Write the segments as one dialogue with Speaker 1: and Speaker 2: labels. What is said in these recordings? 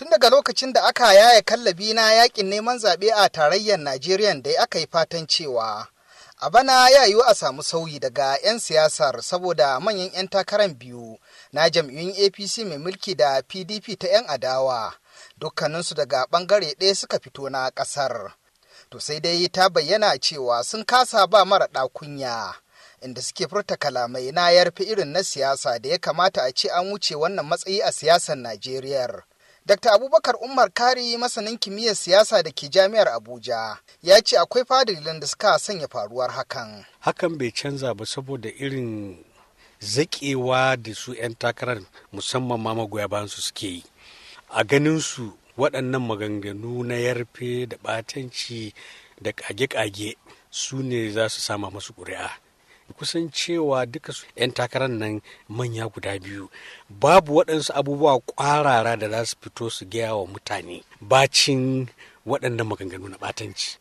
Speaker 1: tun daga lokacin da aka yaya kallabi na yakin neman zaɓe a tarayyar Najeriya da aka yi fatan cewa a bana ya yiwu a samu sauyi daga 'yan siyasar saboda manyan 'yan takarar biyu na jam'iyyun APC mai mulki da PDP ta 'yan adawa dukkaninsu daga bangare ɗaya suka fito na ƙasar. To sai dai ta bayyana cewa sun kasa ba mara ɗakunya. inda suke furta kalamai na yarfi irin na siyasa da ya kamata a ce an wuce wannan matsayi a siyasar Najeriya. Dr. Abubakar Umar Kari masanin kimiyyar siyasa da ke jami'ar Abuja ya ce akwai fadalilan da suka sanya faruwar hakan.
Speaker 2: Hakan bai canza ba saboda irin zaƙewa da su 'yan takarar musamman ma magoya bayan su suke yi. A ganin su waɗannan maganganu na yarfe da ɓatanci da ƙage-ƙage su ne za su sama masu ƙuri'a. kusan cewa duka su 'yan takarar nan manya guda biyu babu waɗansu abubuwa ƙwarara da za su fito su gaya wa mutane bacin waɗannan maganganu na ɓatanci.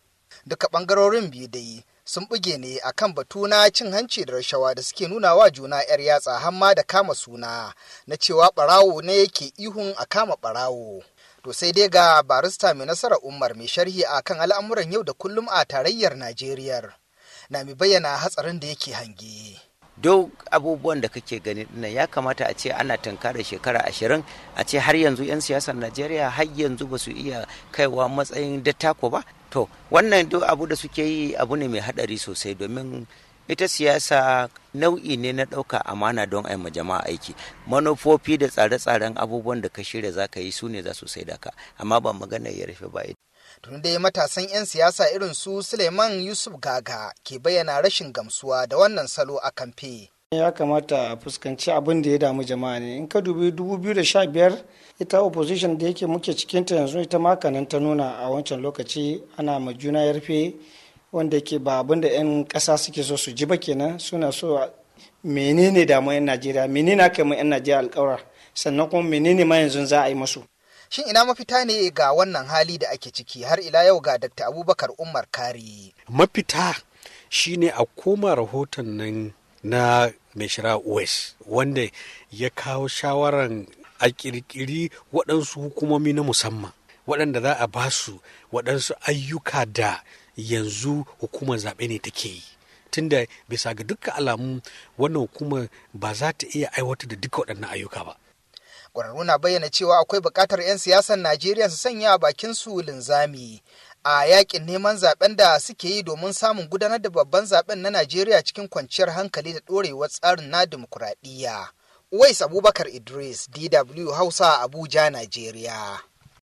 Speaker 2: Duka
Speaker 1: ɓangarorin biyu da yi sun buge ne a kan batu na cin hanci da rashawa da suke nuna wa juna 'yar yatsa hamma da kama suna na cewa ɓarawo ne yake ihun a kama ɓarawo. To sai dai ga barista mai nasara Umar mai sharhi a kan al'amuran yau da kullum a tarayyar Najeriya. na mai bayyana hatsarin da yake hange.
Speaker 3: duk abubuwan da kake gani na ya kamata a ce ana tankara shekara ashirin a ce har yanzu 'yan siyasar najeriya har yanzu ba su iya kaiwa matsayin dattako ba to wannan duk abu da suke yi abu ne mai hadari sosai domin ita siyasa nau'i ne na ɗauka amana don a jama'a aiki manufofi da tsare-tsaren abubuwan da ka shirya za ka yi su ne za su sai da ka amma ba magana ya rufe ba
Speaker 1: tun dai matasan 'yan siyasa irin su suleiman yusuf gaga ke bayyana rashin gamsuwa da wannan salo a kamfe
Speaker 3: ya
Speaker 4: kamata a fuskanci abin da ya damu jama'a ne in ka dubi 2015 ita opposition da yake muke cikinta yanzu ita makanan ta nuna a wancan lokaci ana ma juna yarfe wanda yake ba abin da 'yan ƙasa suke so su ji ba kenan suna so menene damuwa 'yan najeriya menene aka yi 'yan najeriya alkawara sannan kuma menene ma yanzu za a yi musu
Speaker 1: shin ina mafita ne ga wannan hali da ake ciki har ila yau ga dr abubakar umar kari
Speaker 2: mafita shine a koma rahoton nan na mai shira west wanda ya kawo shawaran a kirkiri waɗansu hukumomi na musamman waɗanda za a ba su waɗansu ayyuka da yanzu hukumar zaɓe ne take yi tunda bisa ga dukkan alamu wannan hukumar ba za ta iya aiwatar da duka waɗannan ayyuka ba
Speaker 1: ƙwararru na bayyana cewa akwai buƙatar 'yan siyasar najeriya su sanya bakin su linzami a yakin neman zaɓen da suke yi domin samun gudanar da babban zaɓen na najeriya cikin kwanciyar hankali da ɗorewar tsarin na dimokuraɗiyya uwais abubakar idris dw hausa abuja najeriya